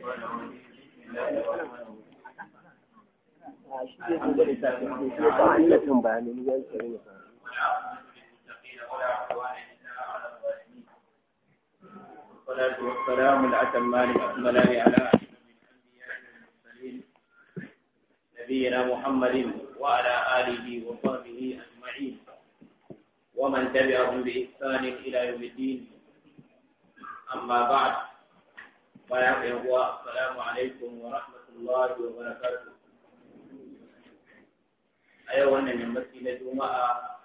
والصلاة والسلام الأتمان الأكملان على نبينا محمد وعلى آله وصحبه أجمعين ومن تبعهم بإحسان إلى يوم الدين أما بعد bayan ɗan uwa assalamu alaikum wa rahmatullahi wa barakatuh a yau wannan yammaci na juma'a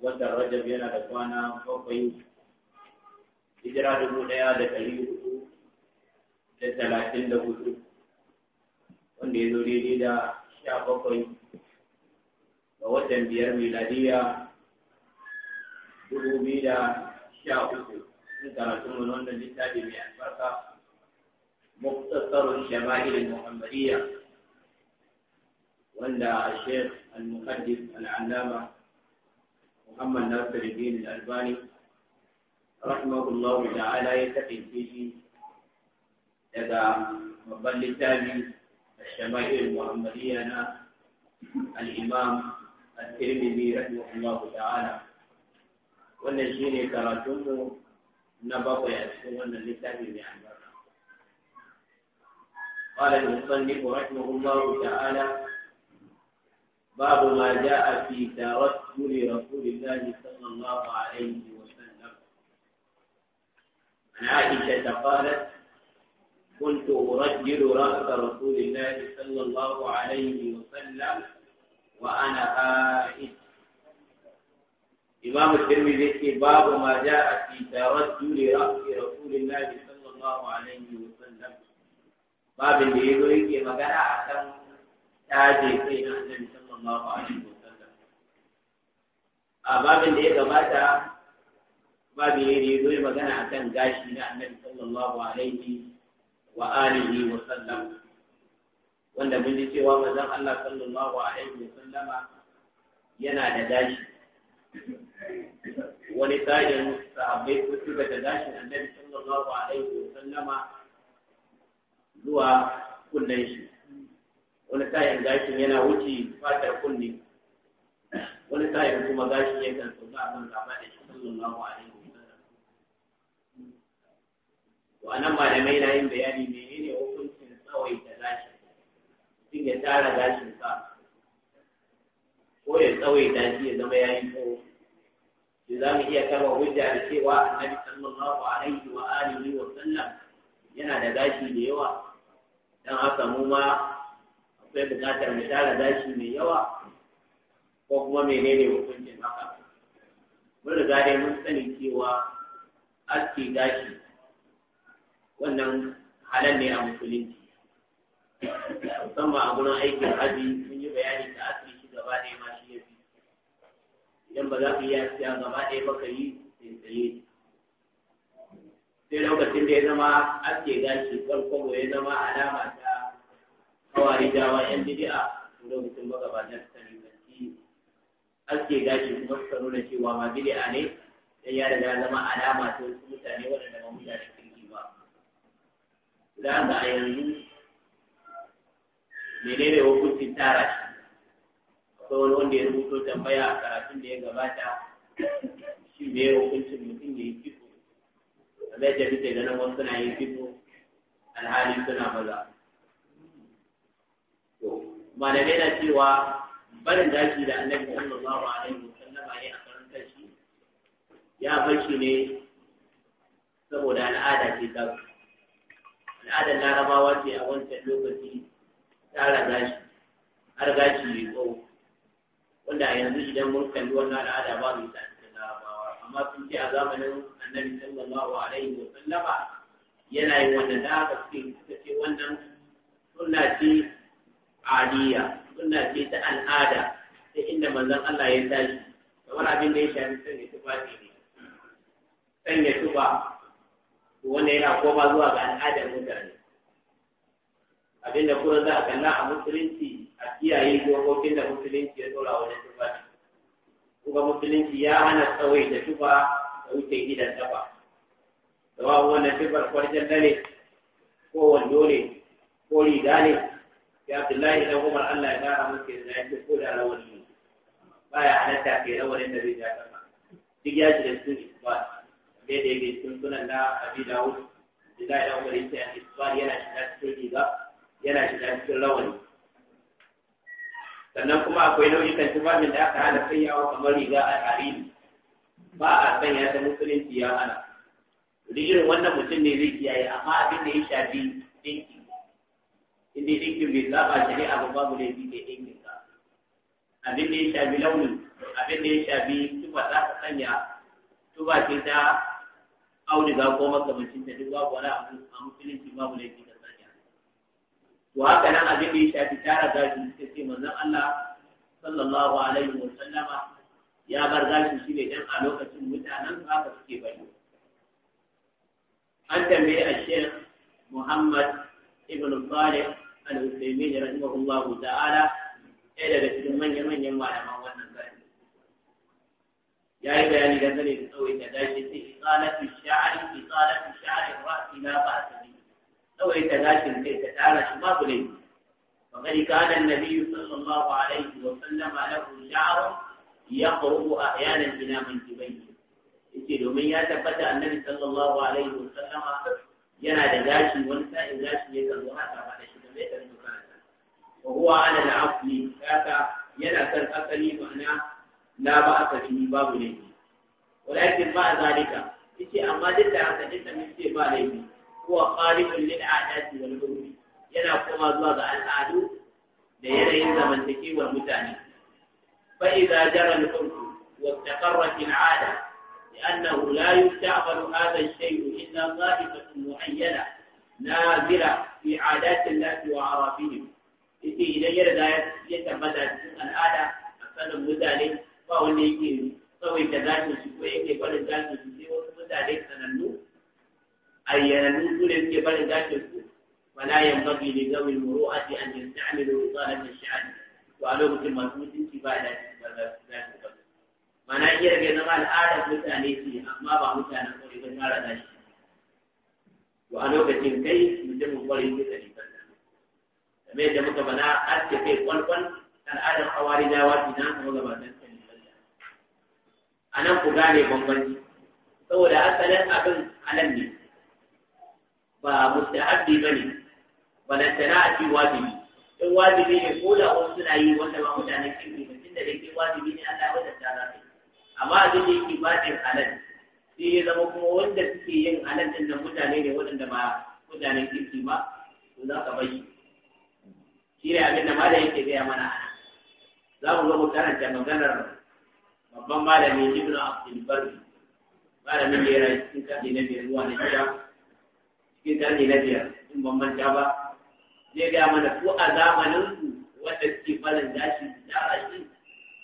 watan rajab yana da kwana bakwai hijira dubu ɗaya da ɗari hudu da talatin da hudu wanda ya zo daidai da sha bakwai ga watan biyar miladiya dubu biyu da sha uku in karatun wani wannan littafi mai albarka مختصر الشمائل المحمدية ولا الشيخ المحدث العلامة محمد ناصر الدين الألباني رحمه الله تعالى يتقي فيه لدى مبل التالي الشمائل المحمدية الإمام الترمذي رحمه الله تعالى والنجين كراتمه نبقى يسكن الكتاب بأحمد قال المصنف رحمه الله تعالى باب ما جاء في توسل رسول الله صلى الله عليه وسلم عن عائشة قالت كنت أرجل رأس رسول الله صلى الله عليه وسلم وأنا حائج إمام الترمذي باب ما جاء في توسل رأس رسول الله صلى الله عليه وسلم babin da ya zo yake magana a kan taje kai na annabi sallallahu alaihi wasallam a babin da ya gabata babin da ya zo ya magana a kan gashi na annabi sallallahu alaihi wa alihi wa wanda mun ji cewa manzon Allah sallallahu alaihi wasallama yana da gashi wani tajin sahabbai ko suka da gashin annabi sallallahu alaihi wa sallama zuwa kunnen shi wani sa'in gashin yana wuce fatar kunne wani sa'in kuma gashin yakan sauka a kan gaba da shi a ne wa nan anan malamai na yin bayani menene hukuncin da gashin mutum ya tara gashin sa ko ya da shi ya zama yayin tsawo da za mu iya kama hujja da cewa annabi sallallahu alaihi wa alihi wa sallam yana da gashi da yawa don haka mu ma akwai buƙatar mu tara gashi mai yawa ko kuma menene hukuncin haka mun riga dai mun sani cewa aski gashi wannan halal ne a musulunci musamman a gurin aikin haji mun yi bayani da aski shi gaba ɗaya ma shi ya idan ba za ka yi aski gaba ɗaya ba ka yi sai tsaye sai lokacin da ya zama ake gashi farko ya zama alama ta kawari dawa yan bid'a lokacin magabatar talibanci ake gashi kuma suka nuna cewa ma bid'a ne dan ya riga zama alama ta wasu mutane waɗanda ba mutane kirki ba da haka a yanzu menene hukuncin tara shi akwai wani wanda ya rubuto tambaya a karatun da ya gabata shi ne hukuncin mutum ya yi kamar yadda muke ganin wasu suna yin fito alhali suna maza to malamai na cewa barin daji da annabi sallallahu alaihi wasallama ne a karan ya ne saboda al'ada ce ta na raba ce a wancan lokaci tsara gashi har gashi ne tsawo wanda a yanzu idan mun kalli wannan al'ada ba mu tsari amma sun ce a zamanin annabi sallallahu alaihi wa sallama yana yin wanda da aka ce suka ce wannan sunna ce aliya sunna ce ta al'ada ta inda manzon Allah ya tashi kamar abin da ya shafi sanya tuba ne sanya tuba wanda yana koma zuwa ga al'adar mutane abinda kuma za a kalla a musulunci a kiyaye dokokin da musulunci ya tsora wajen tuba kuma musulunci ya hana tsawai da tufa da wuce gidan dafa dawa wannan tufar kwarjan dare ko wando ne ko riga ne ya abdullahi na kuma allah ya gara muke da ya ko da rawar ya hana ta ke rawar da bai ja kama duk ya ji da sun isbat da da yake sun sunan na abi dawud da ya umar yake isbat yana shiga cikin riga yana shiga cikin yi. sannan kuma akwai nau'ikan tufafin da aka hana sanyawa kamar riga a tarihi? ba a sanya ta musulunci ya hana irin wannan mutum ne zai kiyaye amma abin da ya shafi dinki inda dinki bai zaba shari'a ba babu laifi da dinkin ka abin da ya shafi launin abin da ya shafi tufa za ka sanya tufa ce ta auduga ko makamancin ta duk babu wani abu a musulunci babu laifi wa haka nan abin da ya shafi tara gashi suka ce manzon Allah sallallahu alaihi wa sallama ya bar gashin shi ne dan a lokacin mutanen haka suke bari an tambayi a Sheikh Muhammad Ibn Salih Al-Uthaymeen rahimahullahu ta'ala ɗaya daga cikin manya-manyan malaman wannan gari ya yi bayani da zane da da dashi kawai ta gashin kai ta tsara shi babu laifi فقد كان النبي صلى الله عليه وسلم ruwa a يقرب احيانا min منكبيه yake domin ya tabbata annabi sallallahu alaihi sallam yana da gashi wani sai gashi ne kan zuwa ta bada shi da mai tarin karanta wa huwa ala al-aqli kaka yana kan asali ma'ana la ba asali babu laifi walakin ba zalika yake amma duk da haka duk da mun ce ba laifi huwa qalibun lil a'dadi wal umuri yana kuma zuwa ga al'adu da yanayin zamantakewar mutane fa idza jara al urf wa taqarrat al 'ada li la yusta'mal hadha al shay' illa qa'idah muayyana nazira fi 'adat al wa 'arafihim idan ya da ya tabbata cikin al'ada akan mutane ba wanda yake saboda da su ko yake kwalin da su ce wasu mutane sanannu ayyanannu su ne suke barin gashin su wala yanbaghi zaune zawi al-muru'ati an yasta'milu wisalat ash-sha'r ko a lokacin masu mutunci ba da za su ba mana iya rage zama al'adar mutane ce amma ba mutanen kwarai ba tara da shi Ko a lokacin kai mutumin kwarai ne da ribar kamar yadda muka bana aske kai kwalkwal al'adar hawari da wasu na kuma gabatar da a nan ku gane bambanci saboda asalin abin halal ne ba mustahabbi bane balantana a ce wajibi in wajibi ne ko da wasu suna yi wanda ba mutane sun yi mutum da dai wajibi ne Allah ya wadanta za su amma abin da yake batin halal sai ya zama kuma wanda suke yin halal ɗin nan mutane ne waɗanda ba mutanen kirki ba to za ka bayi shi ne abin da da yake gaya mana ana za mu zo mu karanta maganar babban malami Ibn Abdul Barri malamin da ya rayu cikin kaɗi na biyar ruwa na jiya? cikin karni na biyar in ban manta ba ne ga mana ko a zamanin ku wanda suke farin gashi da rashi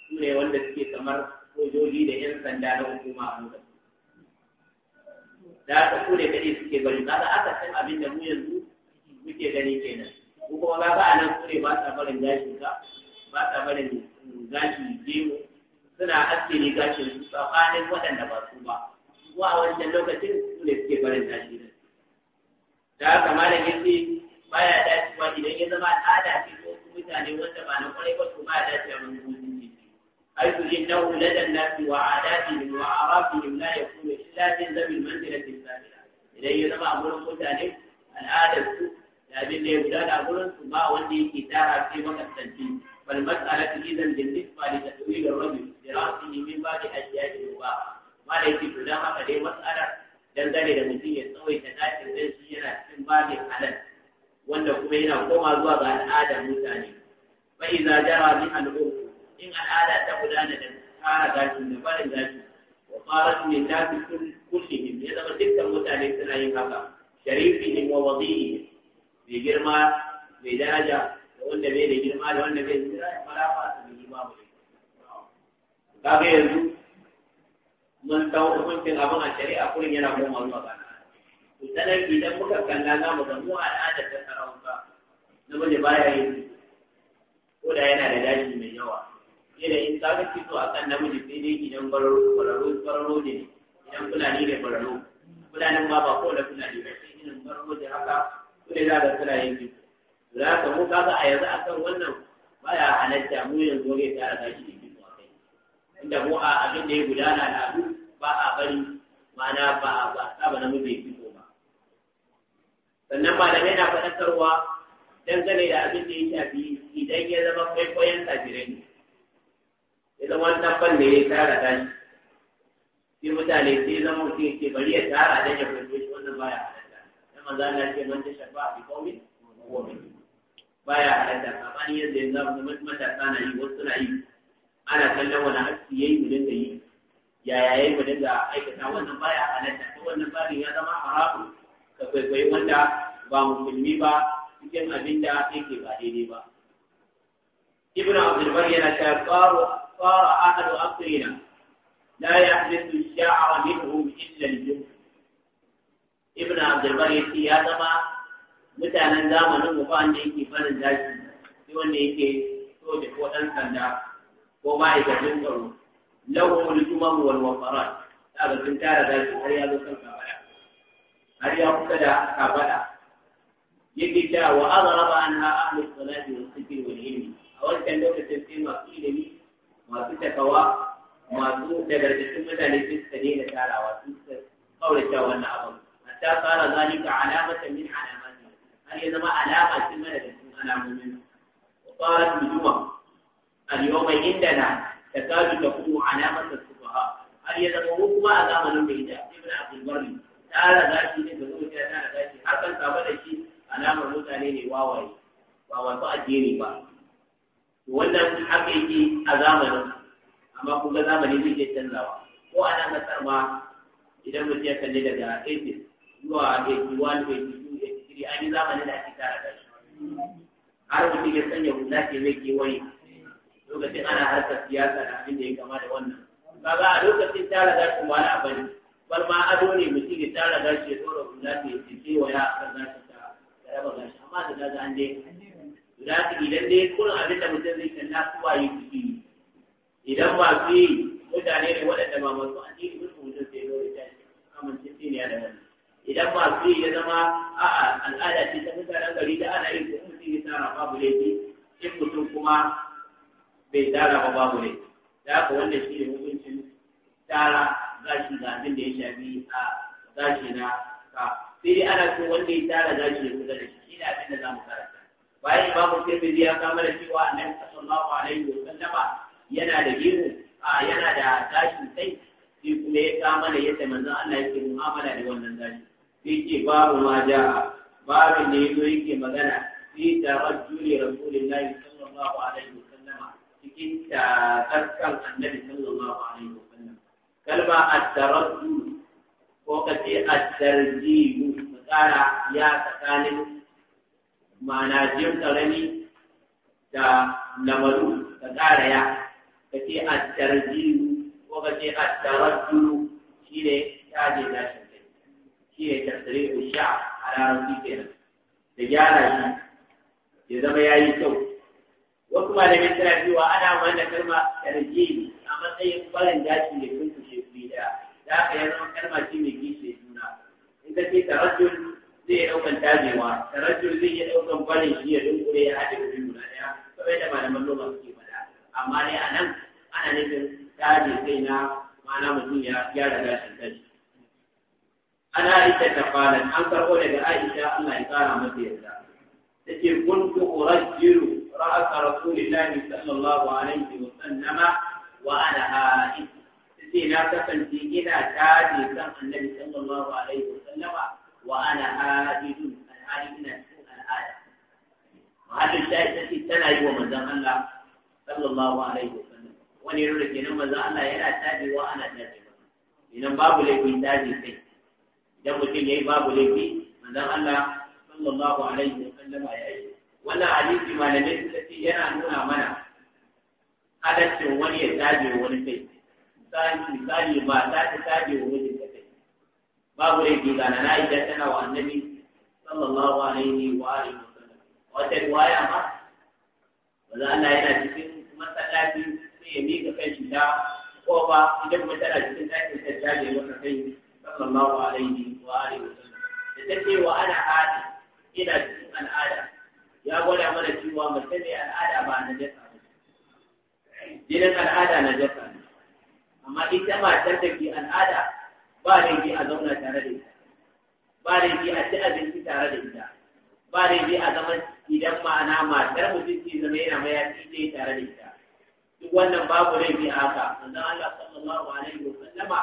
su ne wanda suke kamar sojoji da yan sanda na hukuma a nuna da aka kure ne kaɗai suke gani za aka san abin da mu yanzu muke gani kenan ko kuma ba a nan kure ba sa barin gashi ka ba sa barin gashi gemu suna aske ne gashin su tsakanin waɗanda ba su ba ko a wancan lokacin su ne suke farin gashi ne da haka mana girbi ba ya dace ba idan ya zama tsada ce ko mutane wanda ba na kwarai ba to ba ya dace a wani wani jiki ai su yi na dan nasi wa a dace ne wa a ba su yi na ya kuma shi zabin mandira ke sabira idan ya zama a wurin mutane al'adar su da abin da ya guda da gurin su ba wanda yake tara sai makasanci bal mas'ala ta idan din duk ba da tawilar rabi da rafi ne min ba da ajiya ne ba ma da yake guda haka dai mas'alar dangane da mutum ya da gashin dan shi yana cikin babin halal wanda kuma yana koma zuwa ga al'adar mutane fa iza jara bi al'urf in al'ada ta gudana da fara gashin da barin gashi wa qarat min kulle ne ya zama dukkan mutane suna yin haka ne wa wadihim mai girma mai daraja da wanda bai da girma da wanda bai da daraja fara fa su bi imamu kaga yanzu mun dau hukuncin abin a shari'a kullum yana koma zuwa ga to sanar idan muka kalla za mu ga mu al'adar ta sarauta namiji baya yin ko da yana da daji mai yawa yanayin tsarin fito a kan namiji sai dai idan kwararro ne idan fulani ne kwararro fulanin ma ba ko da fulani ba sai irin kwararro da haka kuma za da yin fito za ka mu kaga a yanzu akan wannan Ba ya halatta mu yanzu wani tara gashi inda mu a abin da ya gudana na abu ba a bari mana ba a ba ba na miji fito ba sannan malamai na faɗakarwa dangane da abin da ya shafi idan ya zama kwaikwayon tajirai ne ya zama wani tabbar da ya tara tashi sai mutane sai zama mutum ke bari ya tara dan ya fito shi wannan baya halatta dan manzo na ce man ta shafa a bikomi ko baya halatta amma ni yanzu yanzu matasa na yi wasu na yi ana kallon wani ya yayi mu dinga yi yaya yayi mu dinga aikata wannan baya halatta to wannan babin ya zama haramu ka kwaikwayi wanda ba musulmi ba cikin abin da yake ba daidai ba ibnu abdul bar yana cewa qaru qara ahadu aqrina la yahdithu ash-sha'r minhum illa al-jum ibnu abdul bar ya zama mutanen zamanin mu ba wanda yake barin daji, sai wanda yake so da ko dan sanda ومائدة للقرون لوم الجمم والوفرات هذا الانتار ذلك وهي هذا الكفلة هل يقصد كفلة يجد وأضرب عنها أهل الصلاة والذكر والعلم أول كان لوك التنسين ما في لي ما في تكوى ما في درجة مثلا في السنين تعالى وفي قول الجوان أظن حتى صار ذلك علامة من علامات هل يزم علامة من علامة منه وصارت بجمم al-yawma indana takadu takunu alamatu subha har ya zama ko kuma a zamanin da ita ibn abdul barri ta raga shi ne da zuciya ta raga shi har kan saba da shi alamar mutane ne wawaye ba wato addini ba wannan haka yake a zamanin amma kun ga zai iya canzawa ko ana kasar ma idan mutum ya kalli daga 80 zuwa 81 82 83 an yi zamanin da ake tara da shi har mutum ya sanya hula ce mai kewaye lokacin ana harkar siyasa da abin da ya kama da wannan kaga a lokacin tara gashin ba na bari. bal ma ado ne mutum ya tara gashi ya tsora kun ta yi cike wa ya akan gashi ta ya raba gashi amma da kaga an dai guda ta idan dai kurin abin da mutum zai kalla kuwa yi ciki idan ba su yi mutane ne waɗanda ba masu addini mutum mutum sai dole ta amince sai ne da wannan idan ba su yi ya zama a'a al'ada ce ta mutanen gari da ana yin kuma mutum ya tara babu laifi in mutum kuma bai dara ba babu ne da haka wanda shi ne hukuncin tara gashi ga abin da ya shafi a gashi na ka sai ana so wanda ya tara gashi ya kusa da shi shi ne abin da za mu karanta bayan sai tirmidhi ya kama da cewa annabi sallallahu alaihi wa sallama yana da gemu a yana da gashi sai shi kuma ya kama da yadda manzon Allah yake mu'amala da wannan gashi sai ke babu ma ja'a Babu ne yazo yake magana fi tarajjuli rasulillahi sallallahu alaihi wa cikin kyakar annabi sallallahu alaihi wa sallam kalma at-taraddu ko kace at-tarjihu tsara ya tsakanin ma'ana jin karami da lamaru da tsara ya kace at-tarjihu ko kace at-taraddu shine ta da shi shine tasrihu sha a rubi kenan da gyara shi ya zama yayi kyau wasu malamai suna cewa ana amfani da kalma tarjimi a matsayin barin gashi ne kun kushe kuri da da aka yi zama kalma ce mai gishe juna in ka ce tarajjul zai iya ɗaukan tajewa tarajjul zai iya ɗaukan barin shi ya dunkule ya haɗe wuri guda ɗaya kamar da malaman noma suke faɗa amma dai a nan ana nufin taje kai na ma'ana mutum ya gyara gashin kai an aisha ta kwanan an karɓo daga aisha allah ya ƙara masa yarda take kuntu urajjilu رأس رسول الله صلى الله عليه وسلم وأنا هائم تسينا تفنتي إلى تادي كان النبي صلى الله عليه وسلم وأنا هائد الآن من الآية وهل الشاهد التي تنعي ومزان الله صلى الله عليه وسلم wani rura kenan maza Allah yana tajewa ana tajewa idan babu laifi taje sai idan mutum yayi babu laifi manzon Allah sallallahu alaihi wa sallama ya yi wannan hadisi malamai suka ce yana nuna mana halaccin wani ya tabe wani kai misali ba ta ta wani kai. kai babu ke gana na Aisha tana wa annabi sallallahu alaihi wa alihi wasallam wata riwaya ma wanda Allah yana cikin masallaci sai ya miƙa kan shi da kofa idan kuma tana cikin ɗakin ta tabe wani kai sallallahu alaihi wa alihi wasallam da ta wa ana hadi ina cikin al'ada ya gwada mana cewa mace mai al'ada ba na jasa ba jinin al'ada na jasa ne amma ita matar da ke al'ada ba laifi a zauna tare da ita ba laifi a ci abinci tare da ita ba laifi a zaman idan ma'ana matar mutum ce zama yana mayafi ne tare da ita duk wannan babu laifi a haka manzon Allah sallallahu alaihi wa sallama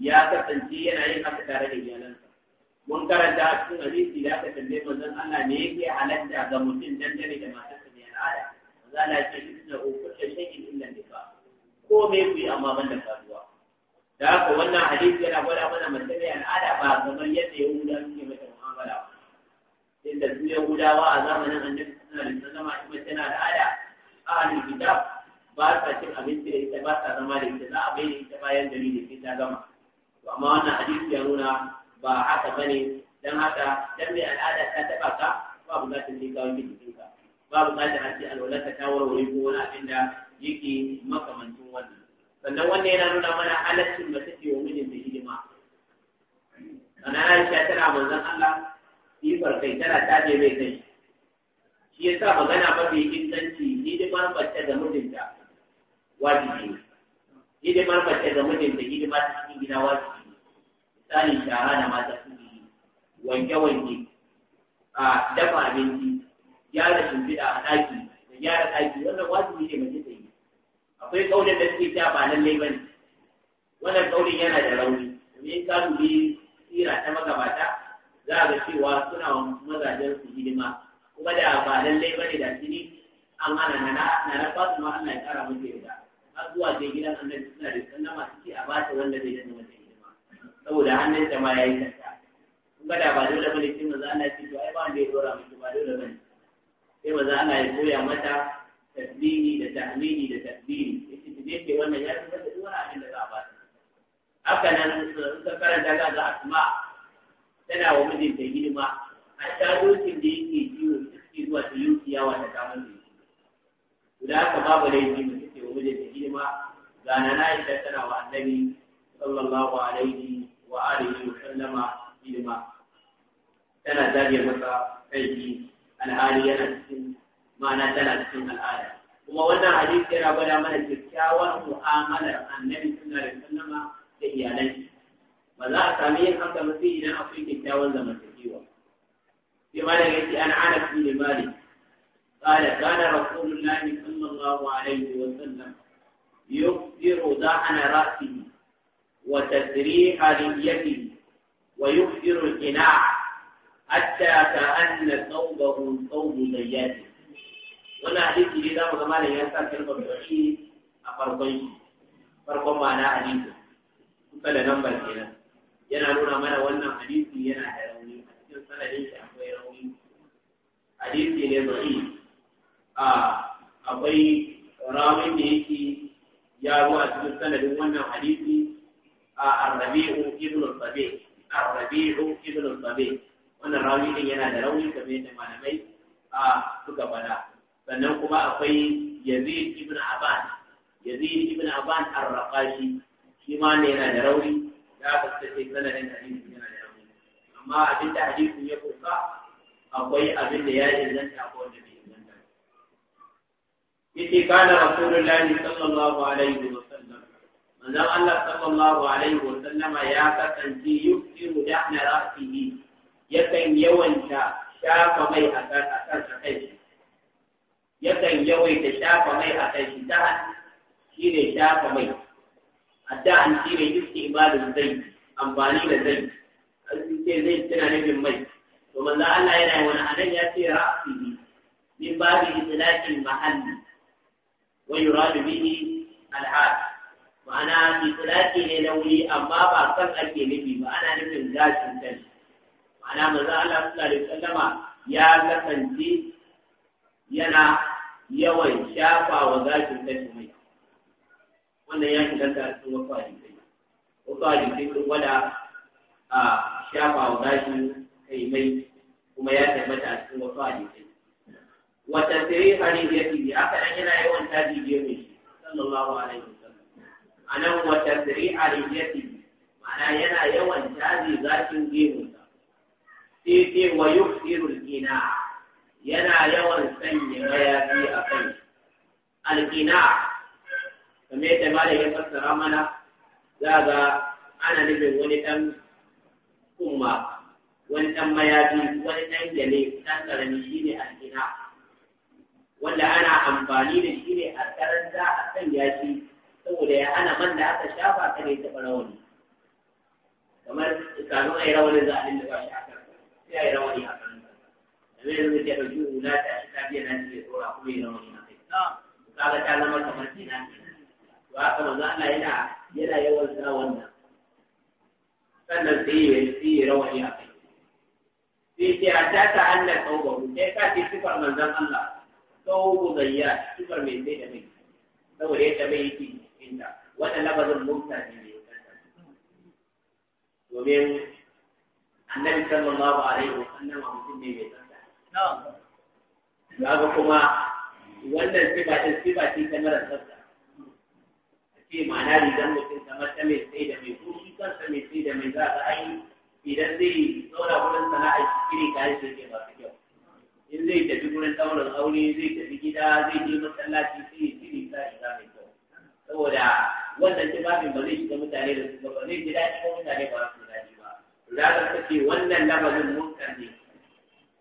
ya kasance yana yin haka tare da iyalansa mun karanta cikin hadisi da aka tambaye manzon Allah me yake halatta ga mutum dangane da matarsa mai al'ada manzon Allah ya ce inna ukutta shay'in illa nikah ko me ku yi amma ban da faruwa da haka wannan hadisi yana gwada mana mace mai al'ada ba kamar yadda ya Yahuda suke mata mu'amala ba inda su Yahudawa a zamanin Annabi sallallahu alaihi wasallam kuma na al'ada ahlul kitab ba sa cin abinci da ita ba sa zama da ita za a bai da ita bayan dalilin da ta gama to amma wannan hadisi ya nuna ba haka bane dan haka dan mai al'ada ta taba ka ba bukatar gawo kawo din ka ba bukatar a ce alwala ta tawar wuri ko wani abin da yake makamancin wannan sannan wannan yana nuna mana halaccin da take wa mijin da hidima ana Aisha tana manzon Allah sifar kai tana taje mai kai shi yasa magana mafi inganci hidimar mace da mijinta wajibi hidimar mace da mijinta hidima cikin gida wajibi tsarin shara da mata suke yi wanke-wanke a dafa abinci gyara shimfiɗa a ɗaki da gyara ɗaki wannan wajibi ne mace ta yi akwai ƙaunar da suke ta ba nan ba wannan ƙaunin yana da rauni domin ka dubi tsira ta magabata za a ga cewa suna wa mazajen su hidima kuma da ba lallai da sini an hana na na fasu ma Allah ya ƙara mace da har zuwa je gidan annabi suna da masu ci a ba ta wanda zai da mace saboda hannunsa ma ya yi kanta in ga da ba dole bane sai maza ana ce to ai ba wanda ya dora miki ba dole bane sai maza ana ya koya mata tasbihi da tahmini da tasbihi, yace ki je ke wannan ya san da duk abin da za a ba haka nan sun ka karanta ga a asma tana wa mijinta hidima a shadokin da yake ciwo ita take zuwa ta yi ciyawa ta kamar da shi da haka babu laifi mutum ke wa mijinta hidima ga na na tana wa annabi sallallahu alaihi wa alihi wa sallama ilma tana dage masa aiki alhali yana cikin ma'ana tana cikin al'ada kuma wannan hadisi yana gwada mana kyakkyawar mu'amalar annabi sallallahu alaihi wasallama da iyalai. ba za a sami yin haka mutum idan akwai kyakkyawan zamantakewa sai ma da yake an ana fi da mali قال كان رسول الله صلى الله عليه وسلم يكثر دعن رأسه وتسريح لحيته ويكثر القناع حتى كأن ثوبه ثوب زياته wani hadisi ne za mu zama da ya sa kalmar shi a farkon shi farkon ma'ana hadisi kusa da nan lambar kenan yana nuna mana wannan hadisi yana da rauni a cikin sanadin shi akwai rauni hadisi ne zai a akwai ramin da yake ya zo a cikin sanadin wannan hadisi الربيع ابن الصبيح الربيع al الصبيح wannan rawi din yana da rauni kamar yadda malamai a suka faɗa sannan kuma akwai yazid ibn aban yazid ibn aban ar-raqashi shi ma ne yana da rauni da aka tace sanadin hadisi yana da rauni amma abin da hadisi ya kusa akwai abin da ya inganta ko wanda bai inganta yace kana rasulullahi sallallahu alaihi wa manzon Allah sallallahu alaihi wa sallama ya kasance yukiru dahna ra'sihi yakan yawanta shafa mai a kan kai shi yakan yawaita shafa mai a kan shi ta shi ne shafa mai addu'an shi ne istimalin zai amfani da zai kalli ce zai tana nufin mai to manzo Allah yana wani anan ya ce ra'sihi min babi itlaqil mahalli wa yuradu bihi al-hal ma'ana itsilaki ne na wuri amma ba kan ake nufi ba ana nufin gashin kan ma'ana za Allah suna da wasallama ya kasance yana yawan shafa wa gashin kan mai wannan ya shiga ta cikin wasu hadisai wafa hadisai sun gwada a shafa wa gashin kai mai kuma ya tabbata a cikin wasu hadisai wata sirri hadisi ya aka dan yana yawan tabi biye mai sallallahu alaihi Anan, nan wata zari a ma'ana yana yawan tazi zafin gemunsa sai ce wa firin ina yana yawan sanya mayafi a kai alƙina kamar da malam ya fassara mana za ga ana nufin wani ɗan umma wani ɗan mayafi wani ɗan gale ɗan ƙarami shi ne wanda ana amfani da shi ne a karanta a kan yaki. saboda ya hana man da aka shafa kada ya taɓa rawani kamar kanun a yi rawani za a dinda ba shi a kan sai a yi rawani a kan da mai yanzu ya ɗauki hula ta shi ta biya nan ke tsora kuma yi rawani a kai kaga ta zama kamar zina ke to haka manzo Allah yana yana yawan sa wannan sannan sai ya yi rawani a kai sai ce a ta ta Allah tsaubaru sai ka ce sifar manzon Allah tsaubuzayya sifar mai sai da mai saboda yadda mai yake inda wanda labarin mota ne mai kanta domin annabi sallallahu alaihi wa sallam mutum ne mai Ya ga kuma wannan sifa ta sifa ce ta mara A ce ma'ana rigar mutum kamar ta mai sai da mai kushi shi kansa mai sai da mai za ka ai idan zai zauna wurin sana'a shi ne kayan sai ke masu kyau in zai tafi wurin tsaurin aure zai tafi gida zai je masallaci sai ya shiri sa ina mai saboda wannan babin ba zai shiga mutane da su ba zai ji daɗi ko mutane ba su daɗi ba ranar ta ce wannan labarin munkar ne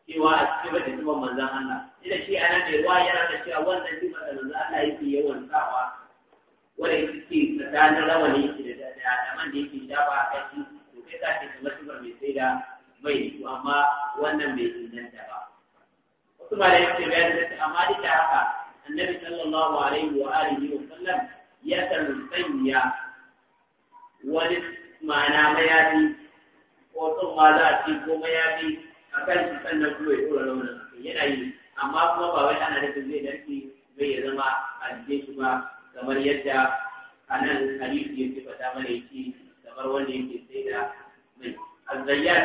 cewa a cikin bata tuban manzan Allah ina shi ana mai ruwa yana da cewa wannan tuba babin manzan Allah yake yawan sawa wanda yake ce tsakanin rawani yake da daman da yake ba a kai to kai za ce kuma tuba mai sai da mai to amma wannan bai da ba wasu ma da yake bayar da amma duk da haka annabi sallallahu alaihi wa alihi wa sallam yakan sanya wani ma'ana mayafi ko sun ma za a ci ko mayafi a kan shi sannan kuma ya tura launin yana yi amma kuma ba wai ana nufin zai narke bai ya zama a jikin shi ba kamar yadda a nan hadisi ya ta mana yake kamar wanda yake sai da mai azzayyat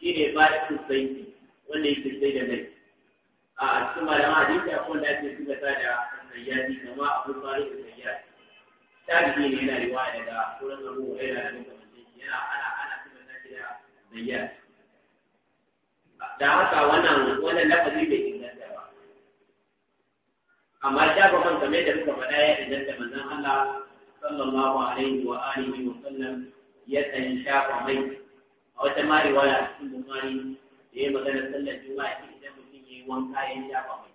shi shine ba da kusaiti wanda yake sai da mai a cikin malaman hadisi akwai wanda ake sifata da zayyati kamar abu da tabi'i ne yana riwaya daga wurin Abu Hurairah da makamantan shi yana ana ana cikin nakiya shi da Da haka wannan wannan lafazi bai inganta ba amma da ba man game da muka faɗa ya inganta manzon Allah sallallahu alaihi wa alihi wa sallam ya dan shafa mai a wata ma riwaya cikin Bukhari da ya magana sallar Juma'a idan mutum yayi wanka ya shafa mai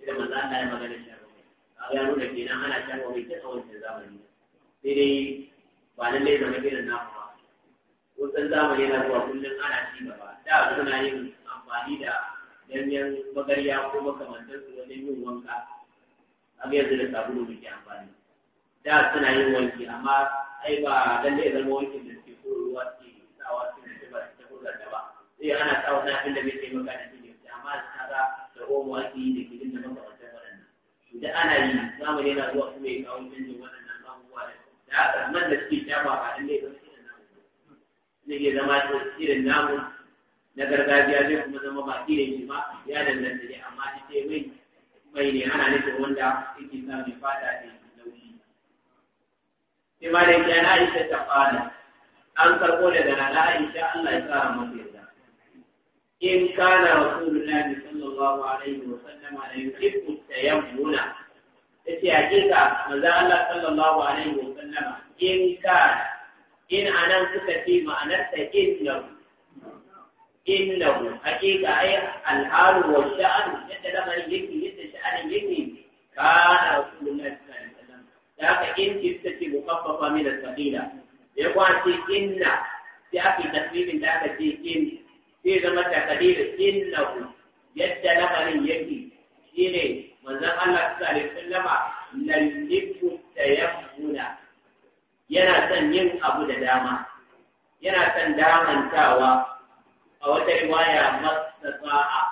idan manzon Allah ya magana shafa a ya da kenan ana shan wani ta tsawon zamani sai dai ba lallai zama irin namu ba wasan zamani yana zuwa kullum ana ci gaba da suna yin amfani da ganyen magarya ko makamantar su wajen yin wanka a ga yanzu da sabulu muke amfani da suna yin wanki amma ai ba lallai zama wankin da ke so ruwa suke sawa suke da ba ta hulɗar da ba sai ana sawa na abin da bai taimaka da shi amma ta ga da homo ake yi da gidan da makamantar da ana yi zamani yana zuwa kuma ya kawo canjin waɗannan abubuwa da haka man da suke shafa ba ɗan da ya zama irin namu ne iya zama irin namu na gargajiya zai kuma zama ba irin shi ba ya danganta ne amma shi ce mai mai ne ana nufin wanda yake sa mai fata ne laushi sai ma da yake ana aisha ta fada an karɓo daga na aisha Allah ya tsara masa إن كان رسول الله صلى الله عليه وسلم لا يحب yace hakika manzo Allah sallallahu alaihi wa sallama in ka in anan suka ce ma'anar ta in innahu hakika ay al-halu wa sha'an yadda lamarin yake yadda sha'anin yake kana rasulullahi sallallahu alaihi wa sallam da in ce mukaffafa min al-thaqila ya kwace inna sai aka tasbihin da aka ce inna sai zama takadirin innahu yadda lamarin yake shine manzon Allah sallallahu alaihi wasallama lalliku tayammuna yana son yin abu da dama yana son damantawa a wata riwaya masasaa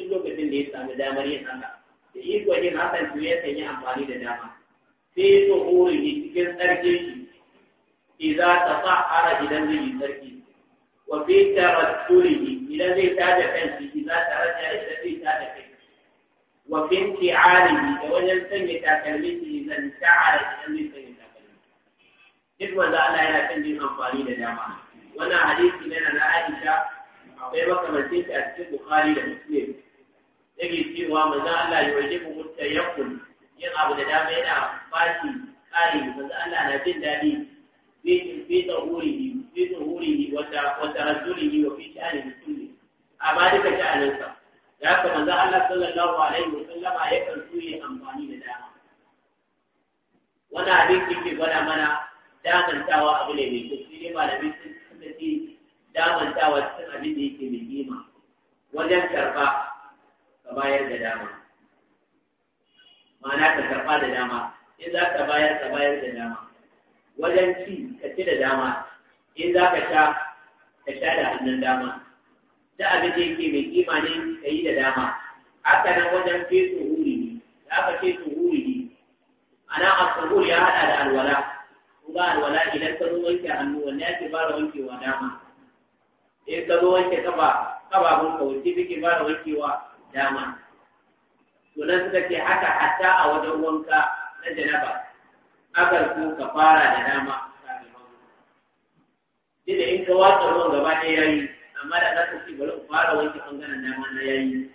duk lokacin da ya samu damar yin haka da iko yin hakan to ya sanya amfani da dama sai zuhuri cikin tsarki shi ta tafa'ara idan zai yi tsarki وفي ترسله الذي ساد فنسي إذا ترجع إذا في ساد وفي انتعاله وإذا انتمي تكلمته إذا انتعال الذي سيد تكلمته إذ وزا لا إلى تنجي مفالين جامعة وانا حديث لنا لا عائشة في وقت ما سيد أسفل بخاري المسلم يجي في وامزا لا يعجبه التيقن يغاب لدامه إلى فاتي قائم وزا لا نجد ذلك في ضروره في ظهوره وترجله وفي شأنه كله أما ذلك شأنه ya ka manzo Allah sallallahu alaihi wa sallama ya kan so yi amfani da dama wani abin ke gwada mana damantawa abu ne mai kyau shi ne malamin sun suka damantawa cikin abin mai kima wajen karba ka bayar da dama in za bayar ka bayar da dama wajen ci ka ci da dama in za ka sha ka sha da hannun dama da abin da yake mai kima ne ka yi da dama haka nan wajen fi tsuhuri ne za ka fi tsuhuri ne ana asabur ya haɗa da alwala kuma alwala idan ka zo wanke hannu wanne ya ke fara wankewa dama in ka zo wanke kaba kababun ka wanke kake fara wankewa dama to nan suka ce haka hatta a wajen wanka na janaba akan so ka fara da dama duk da in ka watsa ruwan gaba ɗaya ya yi, amma da za ka ci bari ku fara wanke ɓangaren dama na ya yi.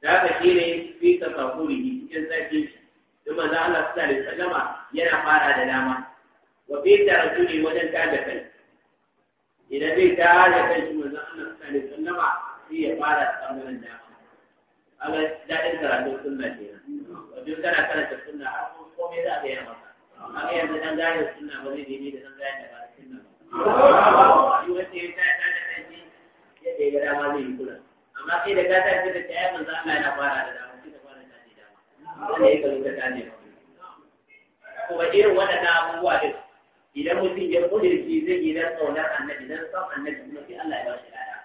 da haka shi ne fi ka yi cikin sarki shi don manzo Allah sallallahu ta gama yana fara da dama wa fi ne wajen ta da kai idan zai ta da kai shi manzo Allah sallallahu ta gama sai ya fara da ɓangaren dama Allah daɗin karatun sunna kenan wajen kana karanta sunna har komai za ka yi maka haka yanzu dan gane sunna ba zai daidai da ɗan gane da ba amma sai da gata sai da tsaye manzo Allah yana fara da dama sai da fara da dama ya kuma irin waɗannan abubuwa idan mutum ya zai yi dan kaunar annabi dan san annabi kuma sai Allah ya ba shi lada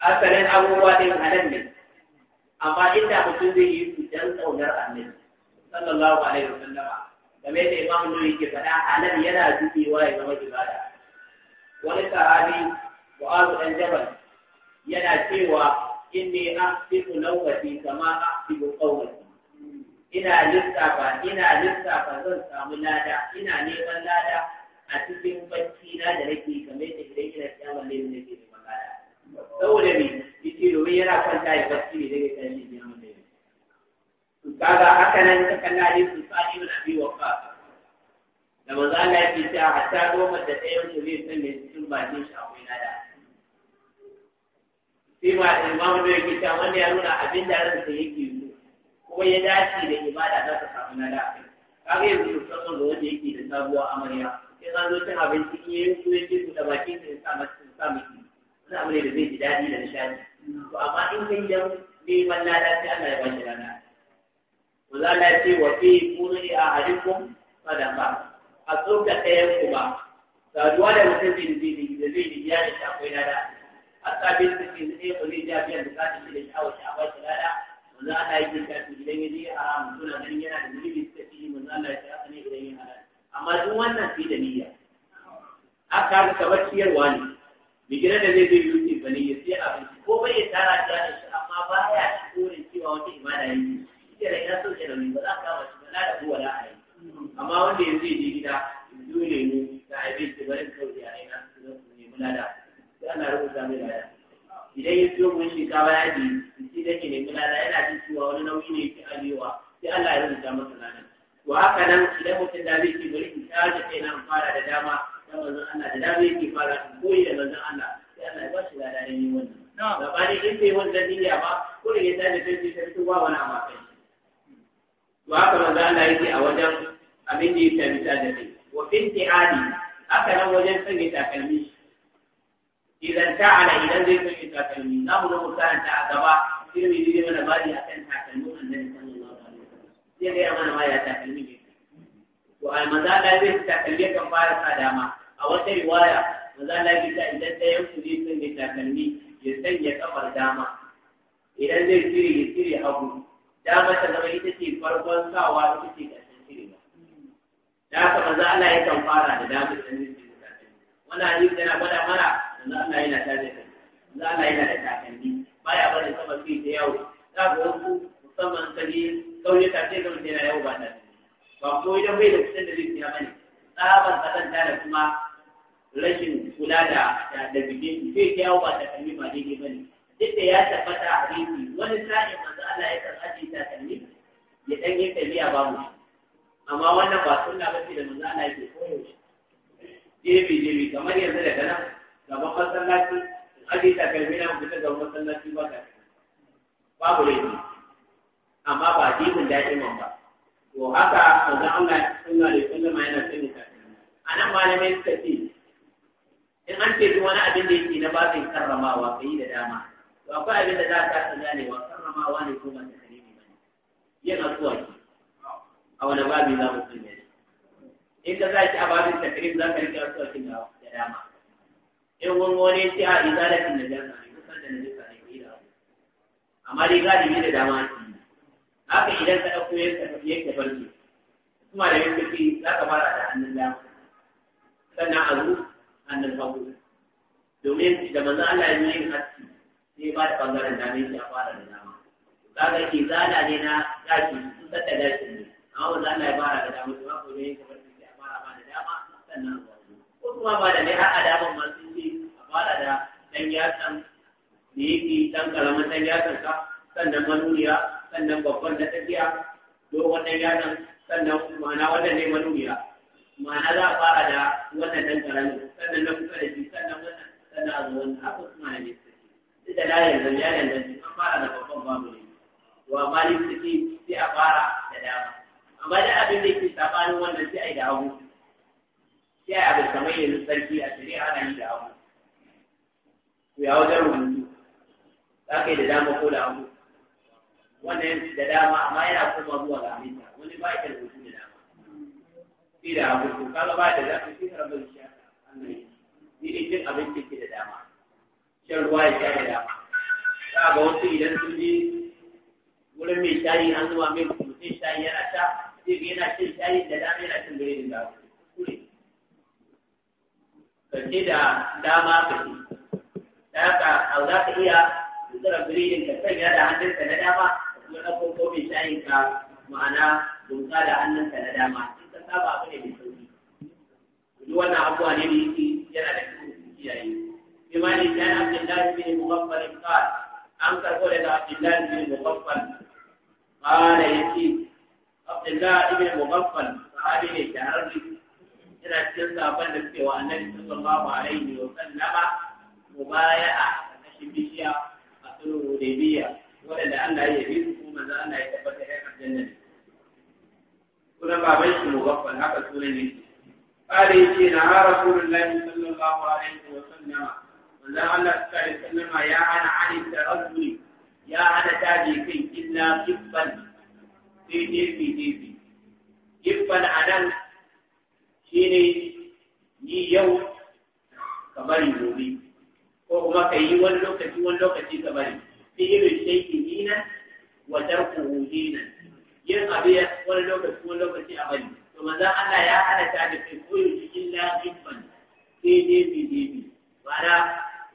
asalin abubuwa din halal ne amma inda mutum zai yi su dan kaunar annabi sallallahu alaihi wasallama game da imam ke faɗa nan yana zubewa ya zama ibada wani sahabi mu'azu dan jabal yana cewa inni aqtu lawati kama aqtu qawmi ina lissafa ina lissafa zan samu lada ina neman lada a cikin bacci na da nake game da idan ina kiyamar ne nake neman lada saboda me domin yana kwanta ya bacci ne daga kalli kaga haka nan ta kalla su sa'ib bin abi ba. da maza na yake ta hatta goma da ɗayan ku zai sanya cikin bakin shi akwai da sai ma imam da yake cewa wanda ya nuna abin da ranka yake so kuma ya dace da ibada za ta samu nada kaga yanzu musamman da wanda yake da sabuwar amarya sai zan zo cin abinci in yi su yake su da bakin su sa masa sa miki wani abu ne da zai ji daɗi da nishaɗi to amma in kai yau ne lada sai Allah ya bashi rana. lada Maza na ce wa fi buni a harikun sadaka. A tsoka ɗayan kuma, saduwa da wata zindiri da zai jiya da shi akwai lada. A sabin su ke zai ku zai ja biyan da sati shi da sha'awar shi a ba shi lada. Maza na yi ta su gidan yaje a haramun nan yana da zunubi suka fi maza na shi haka ne idan yin halal. Amma duk wannan fi da niyya. Aka kamar ciyarwa ne. Bigiran da zai zai yi ba ne ya sai abinci ko bai ya tara shi amma ba ya shi koren cewa wata ibada yake. shi ne ya sauke da ba za ka mace ba na da kowa na ayi amma wanda ya zai je gida dole ne da bai ce barin kawai a aina su zan su nemi lada sai ana rubuta mai lada idan ya siyo mun shinkafa ya ji shi da ke nemi lada yana jin cewa wani nauyi ne ke arewa sai Allah ya rubuta masa lada to haka nan idan mutum da zai ce bari in ta tashi kai na fara da dama dan manzon Allah da dama yake fara koyi da manzon Allah sai Allah ya bashi lada yin wannan gaba ne in bai wannan niyya ba ko ne ya tashi kai sai ta fito ba wani amma kai to haka manzo Allah yake a wajen abin da ya tafi ta da kai wa fi ti'adi haka nan wajen sanya takalmi idan ta'ala idan zai sanya takalmi za mu ga misalin ta a gaba sirri ne mana bani akan takalmin annabi sallallahu alaihi wasallam sai ga mana ma ya takalmi ne to ai manzo Allah zai takalmi kan fara sa a wata riwaya manzo Allah ya ta idan ta ku zai sanya takalmi ya sanya kafar dama idan zai cire ya cire hagu dama ta zama ita ce farkon sawa ita ce ƙarshen cirewa da kama za Allah ya kan fara da damar da zai ce wani hadisi yana gwada mana manzo Allah yana ta da manzo Allah yana da takalmi Ba ya bane sama sai ta yawo za ga wasu musamman kaje kauyuka sai ga mutum yana yawo ba ta ba ko idan bai da kusan da zai tsaya bane tsaban kazanta da kuma rashin kula da da bikin sai ta yawo ba takalmi ba daidai bane duk da ya tabbata a hadisi wani sa'in manzo Allah ya ajiye takalmi ya dan yi tafiya ba mu amma wannan ba sunna ba ce da manzo Allah ya koyo shi jebi jebi kamar yanzu daga nan gaban masallaci ajiye takalmi na fita gaban masallaci ba ka babu rai amma ba dibin da'iman ba to haka manzo Allah sallallahu kuma wasallam yana sani takalmi anan malamai suka ce in an ce duk wani abin da yake na ba zai karramawa yi da dama to akwai abin da za a kasa ganewa karramawa ne ko ba ta karimi ba ne yin azuwa ki a wani babi za mu tsume in ka sa shi a babin takrim za ka rike azuwa ki da dama in wani wani ce a izalatin da jasa ne kusan da na jasa ne da ila amma dai galibi da dama ki haka idan ka ɗauko yanke farki kuma da yanke fi za ka fara da hannun dama sannan a zu hannun hagu domin da manzan Allah ya yi yin haske sai ba da bangaren da yake a fara da dama kaga ke zala ne na gashi sun tatta gashi ne amma wanda Allah ya fara da dama kuma ko ne kamar ke ya fara ba da dama sannan ko kuma ba da ne har a daman ma sun ce a fara da dan yatsan da yake dan kalaman dan yatsan ka sannan manuriya sannan babban da tafiya dogon dan yatsan sannan ma'ana wannan ne manuriya ma'ana za a fara da wannan dan karamin sannan na kuka da shi sannan wannan sannan a zo wannan haka kuma ne duk da layin zan ya danganci an fara da babban babu ne to amma suke sai a fara da dama amma da abin da ke sabanin wannan sai a yi da hagu sai a abin kamar yanzu sarki a shari'a ana yi da hagu Ku ya wajen rubutu za ka yi da dama ko da hagu wannan da dama amma yana koma zuwa ga aminta wani ba ya rubutu da dama sai da hagu to kaga ba da zafi sai ka rabu da shi Allah ne ni ne cin abinci ke da dama shan ruwa ya sha da dama za ga wasu idan sun je wurin mai shayi an zuba mai mutum shayi yana sha zai ga yana cin shayi da dama yana cin biredin da kure kace da dama kace da haka a za ka iya tsira biredin ka sanya da hannunka na dama ka kuma ɗauko ko mai shayin ka ma'ana dunka da hannunka na dama in ka saba abu ne mai sauki duk wannan abuwa ne da yake yana da kyau kiyaye بمالك عن عبد الله بن مغفل قال أنكر ولد عبد الله بن مغفل قال يتي عبد الله بن مغفل صحابي شهرني ina cikin sabon da cewa annabi sallallahu alaihi wa sallama mubaya'a na shibiya a sulhu hudaybiya wanda Allah ya yi su kuma manzo Allah ya tabbata ya aljanna kuma baban shi mugaffal haka sunan ne قال يجينا رسول الله صلى الله عليه وسلم manzon Allah sallallahu alaihi wasallam ya hana ani tarabbi ya hana taje kai illa kibban sai ne bi ne bi kibban anan shine yi yau gobe ko kuma ka yi wani lokaci wani lokaci bari. fi irin shay'in hina wa yin abu wani lokaci wani lokaci a bari to Allah ya hana taje kai ko illa kibban sai ne bi bi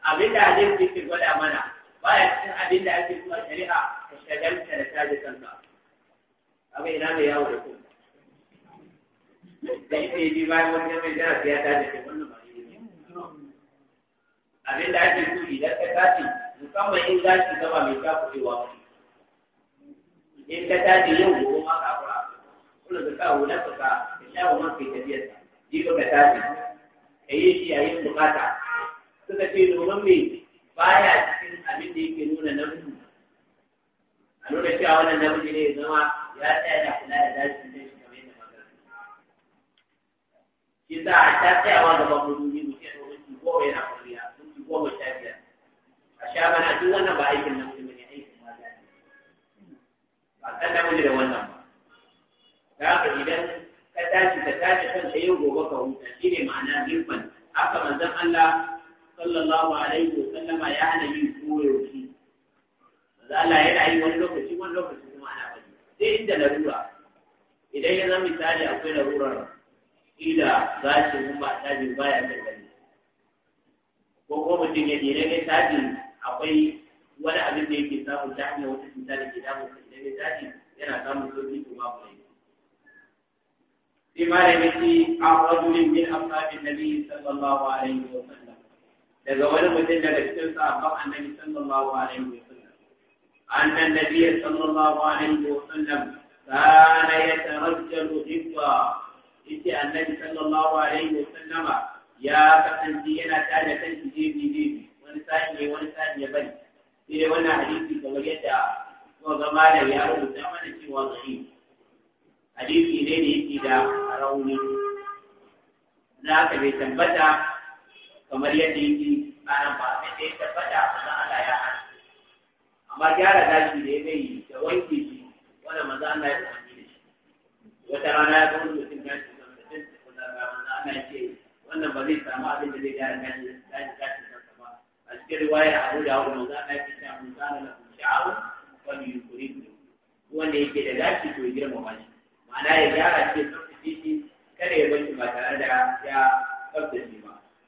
abin da ke yake gwada mana baya cikin abin da ake zuwa shari'a ka shagalta da taje kanka Abin ina mai yawo da kuma da ita yi bayan wani mai darasi ya taje kai wannan ba abin da ake so idan ka tashi musamman in za ki zama mai takurewa in ka tashi yau gobe ma ka kura kula da ka na ka ka shawo man kai tafiyarsa ji ka tashi ka yi shi yayin bukata suka ce domin me baya cikin abin da yake nuna namiji a nuna cewa wannan namiji ne ya zama ya tsaya da kula da dajin da shi kamar yadda magana shi sa a ta tsayawa ne mudubi mutum ya mutum goma na kuriya mutum goma sha biyar a sha mana duk wannan ba aikin namiji ba ne aikin mata ne ba san namiji da wannan ba da haka idan ka tashi ka tashi kanka yin gobe ka huta shi ne ma'ana nirban haka manzon Allah sallallahu alaihi wa sallama ya hana yi koyaushe maza Allah yana yi wani lokaci wani lokaci kuma ana bari sai inda larura idan ya zama misali akwai larurar za gashin mun ba tajin baya da gani ko kuma mutum ya jere ne tajin akwai wani abin da yake samun ta hanyar wata cuta da ke damun sa idan ya yana samun sauki ko babu rai sai ma da yake a rajulin amfani da nabi sallallahu alaihi wa sallam daga wani mutum daga cikin sahabban annabi sallallahu alaihi wa sallam annan nabiy sallallahu alaihi wa sallam kana yatarajjalu hibba yace annabi sallallahu alaihi wa sallama ya kasance yana tada kanshi jibi jibi wani sa'in ne wani sa'in ya bari sai dai wannan hadisi kamar yadda ko gama da ya rubuta mana cewa zai hadisi ne da yake da rauni Na ka bai tabbata kamar yadda yake ranar ba sai dai tabbata manzo Allah ya hana amma gyara gashi da ya yi da wanke shi wanda maza Allah ya umarni da shi wata rana ya zama mutum ya ce da mutum da kuma manzo Allah ya ce wannan ba zai samu abin da zai gyara gashi da gashi ba a cikin riwayar Abu Dawud maza Allah ya ce ya na Allah ya sha'awu wa yukridu wanda yake da gashi to ya girmama shi ma'ana ya gyara shi ya tsaftace shi kada ya bar shi ba tare da ya tsaftace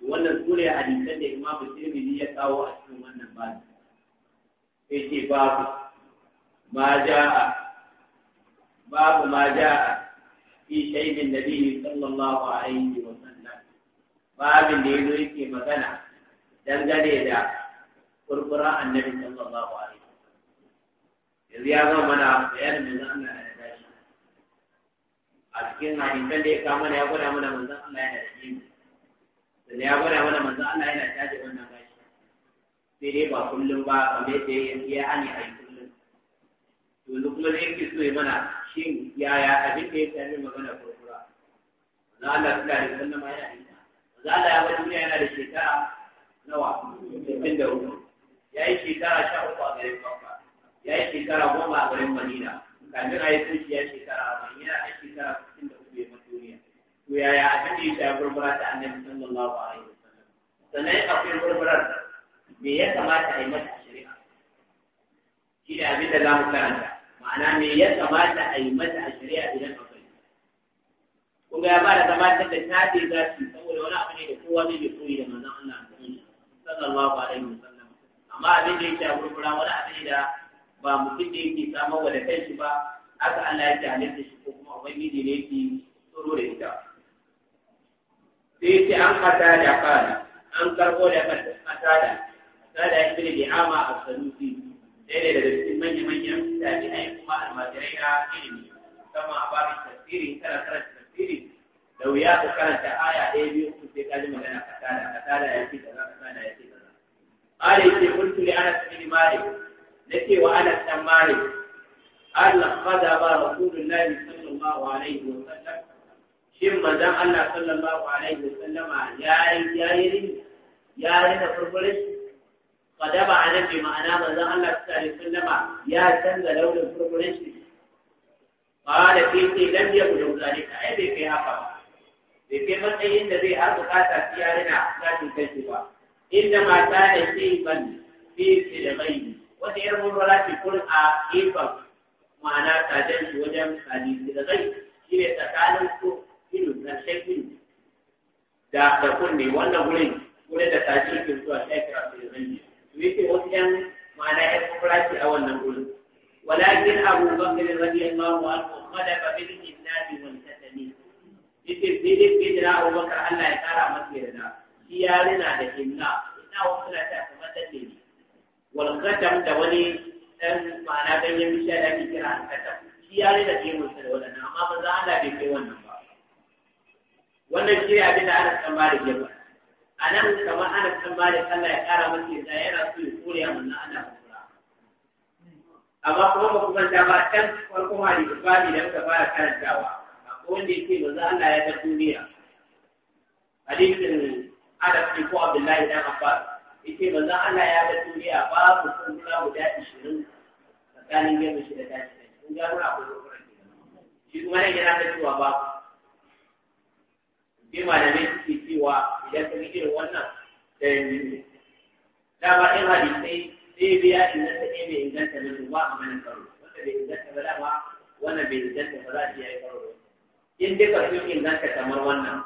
wannan sune hadisan da Imam Tirmidhi ya kawo a cikin wannan babu sai ce babu ma jaa babu ma jaa fi shaybin nabiyyi sallallahu alaihi wa sallam babin da yazo yake magana dangane da kurkura annabi sallallahu alaihi wa sallam yanzu ya zama mana bayanin da zan Allah da shi a cikin hadisan da ya kawo mana ya gwada mana manzon Allah ya da shi da ya gwada mana manzo Allah yana caje wannan bashi sai dai ba kullum ba kamar yadda ya yi ani a kullum to yanzu kuma zai yake so ya mana shin yaya abin da ya sami magana kurkura manzo Allah sallallahu alaihi wasallam yana da manzo Allah ya bar duniya yana da shekara nawa sittin da uku ya yi shekara sha uku a garin kwakwa. ya yi shekara goma a garin Madina kamin a yi tushe ya shekara amma yana shekara to yaya abin da ya burbura ta annabi sallallahu alaihi wasallam sannan akwai burburar me ya kamata a yi mata shari'a shi da abin da za mu karanta ma'ana me ya kamata a yi mata a shari'a idan akwai kun ga ya ba da gabatar da ta ce za su saboda wani abu ne da kowa zai yi koyi da manzon Allah sallallahu alaihi wasallam amma abin da yake burbura wani abu ne da ba mutum da yake samarwa da kanshi ba haka Allah ya ce halitta shi ko kuma ubangiji ne yake tsoro da ita sai sai an kata da kana an karbo da kata da kata da ibn bi'ama as-sanusi dai ne daga cikin manya-manyan tabi'ai kuma almajirai na ilimi kama a babin tasiri, kana karanta tafsiri da wuya ka karanta aya ɗaya biyu uku sai ka ji magana kata da kata da ya ce kaza kata da ya ce kaza qala yake qultu li anas mali, malik nake wa anas dan malik Allah qada ba rasulullahi sallallahu alaihi wa sallam shin manzon Allah sallallahu alaihi wa sallama yayi yayi rin yayi da furfurin qadaba anan bi ma'ana manzon Allah sallallahu alaihi wa sallama ya canza launin furfurin shi qala fi lam yakun zalika ai bai kai haka bai kai matsayin da zai har bukata za zakin kai ba inda mata da shi ban fi silmai wani yar murwala ke kun a gefen ma'ana ta kajen wajen hadisi da zai shi ne tsakanin su ido na shakin da da kunne wannan wurin, gurin da tashi ke zuwa sai ka fi zanji to yake wannan ma'ana ya kufraci a wannan gurin walakin abu bakr radiyallahu anhu qadaba bil innati wal katami yake sai dai ke da Abu Bakar Allah ya kara masa yarda shi yarina da inna ina wani na ta kamar dace ne wal katam da wani dan ma'ana ganyen bishiya da ake kira al katam shi yarina ke musa da wannan amma manzo Allah bai kai wannan wannan shi abin da ana kan bada ya ba a nan kamar ana kan bada Allah ya kara masa yadda yana so ya kore ya mun ana kura amma kuma ba kuma da ba can farko ma da babi da muka fara karantawa akwai wanda yake manzo Allah ya ta duniya hadisin ki ko abdullahi ibn abba yake manzo Allah ya ta duniya san sun guda 20 tsakanin gemu shi da tashi kun ga ruwa ko ruwa shi kuma ne yana da cewa babu sai malamai suke cewa idan ka irin wannan da yanzu dama in hadisai sai biya inganta ne mai inganta ne ba a manin karo wanda bai inganta ba dama wanda bai inganta ba za a iya yi karo in dai ka fi inganta kamar wannan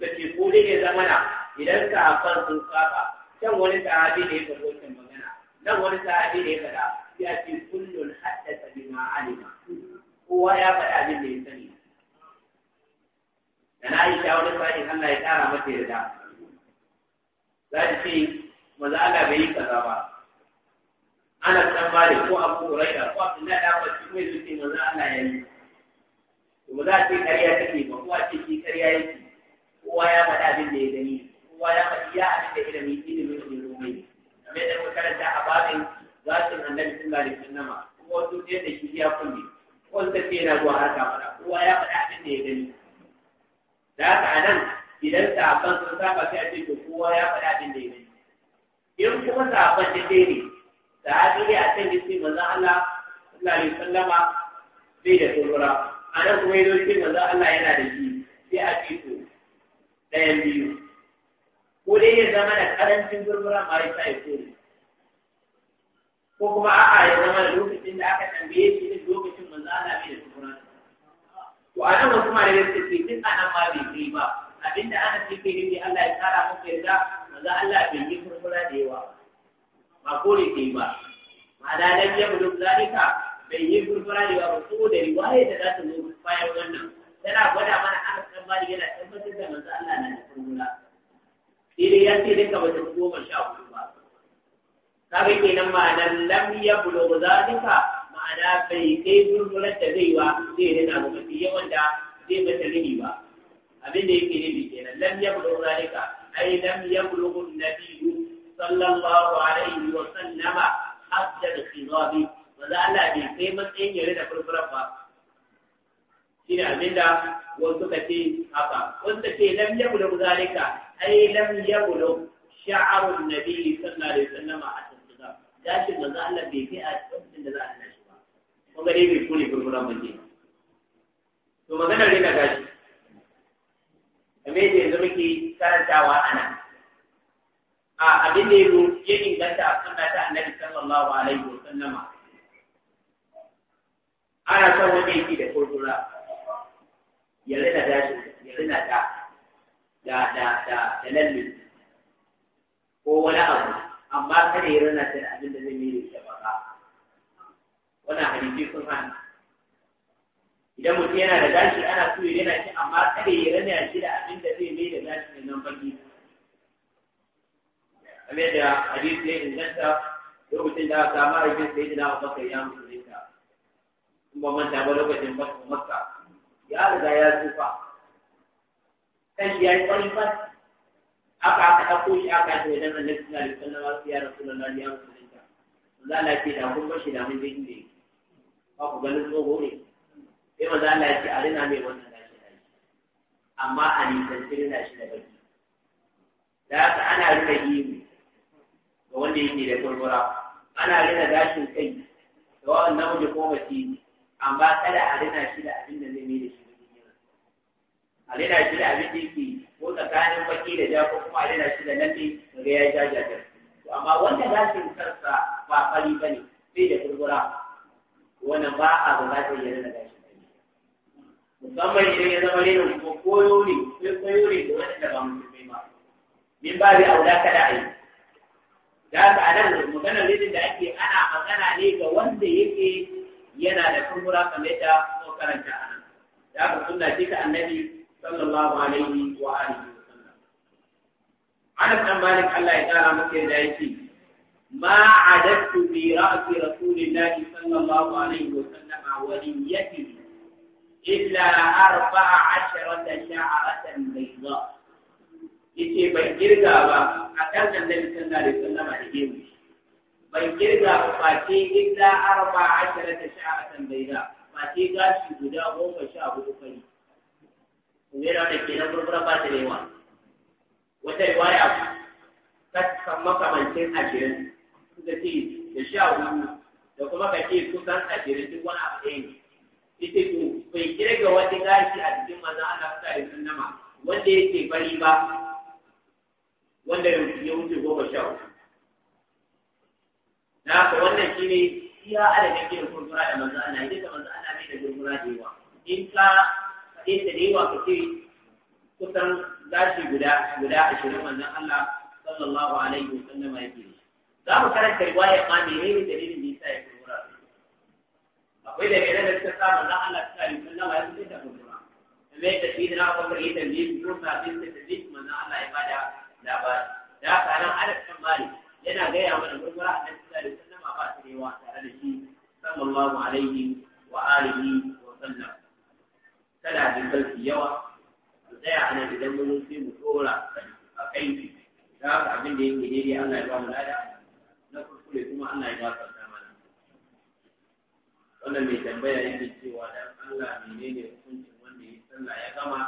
ka ce ko dai ya zama na idan ka haɓar sun kafa, can wani sahabi ne ya faɗo wancan magana nan wani sahabi ne ya faɗa ya ce kullun haddasa bima alima kowa ya faɗa abin da ya sani da na aisha wani sa'in Allah ya kara mata yarda za ta ce maza Allah bai yi kaza ba ana san bari ko abu huraira ko abu na da wasu mai zuke maza Allah ya yi to ba za a ce karya take ba kowa ce shi karya yake kowa ya faɗa abin da ya gani kowa ya faɗi ya abin da ilimi ilimin ne rumai kamar da makaranta a babin zatin annabi sallallahu alaihi wasallam kuma wasu yadda shi ya kunne ta ke na zuwa haka mana kowa ya faɗa abin da ya gani da haka a nan idan sahabban sun saba sai a ce to kowa ya faɗi abin da ya gani in kuma sahabban da ɗaya ne sahabi ne a can jikin manzon Allah sallallahu alaihi sallama bai da tsohura a nan kuma ya zo cikin manzon Allah yana da shi sai a ce to ɗayan biyu ko dai ya zama da ƙarancin gurgura ma ya sa ya kore ko kuma a'a ya zama da lokacin da aka tambaye shi lokacin manzo Allah bai da tsohura to a nan wasu malamai suka ce duk a ma bai kai ba abinda ana ce kai ne Allah ya kara maka yarda maza Allah bai yi furfura da yawa ba kore kai ba ma'ana lam yablu zalika bai yi furfura da yawa ba saboda riwaya da za ta zo bayan wannan Yana gwada mana aka san bari yana tabbatar da maza Allah na da furfura sai ya ce duka bata goma sha hudu ba kaga kenan ma ma'anar lam yablu zalika ma'ana bai kai gurgurar da zai wa zai rina ba mafi yawan da zai mata rini ba abin da yake nufi kenan lam yablu zalika ai lam yablu nabiyyu sallallahu alaihi wa sallama hatta da khidabi ba za Allah bai kai matsayin ya rina gurgurar ba shine abin da wasu kace haka wasu ke ce lam yablu zalika ai lam yablu sha'arun nabiyyi sallallahu alaihi wa sallama hatta da khidabi gashin manzo Allah bai kai a cikin da za a kun ga dai bai kone gurguran ba ke to maganar rika gashi game da yanzu muke karantawa a nan. a abin da ya inganta a sunna ta annabi sallallahu alaihi wa sallama ana son wanda yake da gurgura ya rina gashi ya rina ta da da da da lalle ko wani abu amma kada ya rana ta abin da zai yi da wannan hadisi sun hana idan mutum yana da gashi ana so ya rena shi amma kada ya rena shi da abin da zai mai da gashi mai nan baki kamar da hadisi ya inganta lokacin da aka kama rikin sai jina wa bakar ya musulunta in ba manta ba lokacin ba bakar makka ya riga ya tsufa kan ya yi kwarin fas aka aka ɗauko shi aka ce wajen annabi sallallahu alaihi wasallam ya rasulullahi ya musulunta za a lafiya da kun shi da mun zai ba ganin tsoho ne sai ma za a ce a rina mai wannan lafi da shi amma a nisanci rina shi da baki da haka ana rina gini ga wanda yake da kurkura ana rina gashin kai da wa'an namiji ko mace amma kada a rina shi da abin da zai mai da shi a rina shi da abin da yake ko tsakanin baki da ja ko kuma a rina shi da lalle ga ya ja ja amma wanda gashin kansa ba fari bane sai da kurkura wani ba a buƙatar ya rana gashi musamman idan ya zama ne ko koyo ne kwaikwayo ne da waɗanda ba musulmai ba min ba zai aula kada a yi da ka a nan maganar rinin da ake ana magana ne ga wanda yake yana da kumbura kamar da ko karanta a nan da ka suna ce ka annabi sallallahu alaihi wa alihi wasallam ana Anas Allah ya tsara masa yadda yake ما عددت في رأس رسول الله صلى الله عليه وسلم وليته إلا أربع عشرة شعرة بيضاء yace bai girga ba a kan annabi sallallahu alaihi wasallam da yau bai girga ba face illa arba ashara ta sha'atan ba face gashi guda goma sha hudu fari ne da ke nan burbura ba ta rewa wata ta kan makamancin ashirin tace da sha ọmọ da kuma ka ce kusan ashirin duk wani abu ɗaya ne ita to bai kira wani gashi a cikin manzon Allah sallallahu alaihi wasallam wanda bari ba wanda ya wuce goma sha wannan shi ne iya adadin da in ka da ka ce kusan gashi guda ashirin manzon Allah sallallahu alaihi za mu karanta riwaya ma menene dalilin da yasa ya kai wurare akwai da gidan da suka samu na Allah ta yi kullum ya fice da kuma me da shi na ko bari da ni mun na bin da shi mun na Allah ya bada labari da karan alakan mali yana gaya mana gurgura a cikin sallallahu alaihi wasallam ba ta rewa tare da shi sallallahu alaihi wa alihi wa sallam kada da kalfi yawa tsaya ana idan mun sai mu tsora a kai da abin da yake daidai Allah ya ba mu lada kuskure kuma Allah ya gafarta mana wannan mai tambaya yake cewa dan Allah menene hukuncin wanda ya sallah ya gama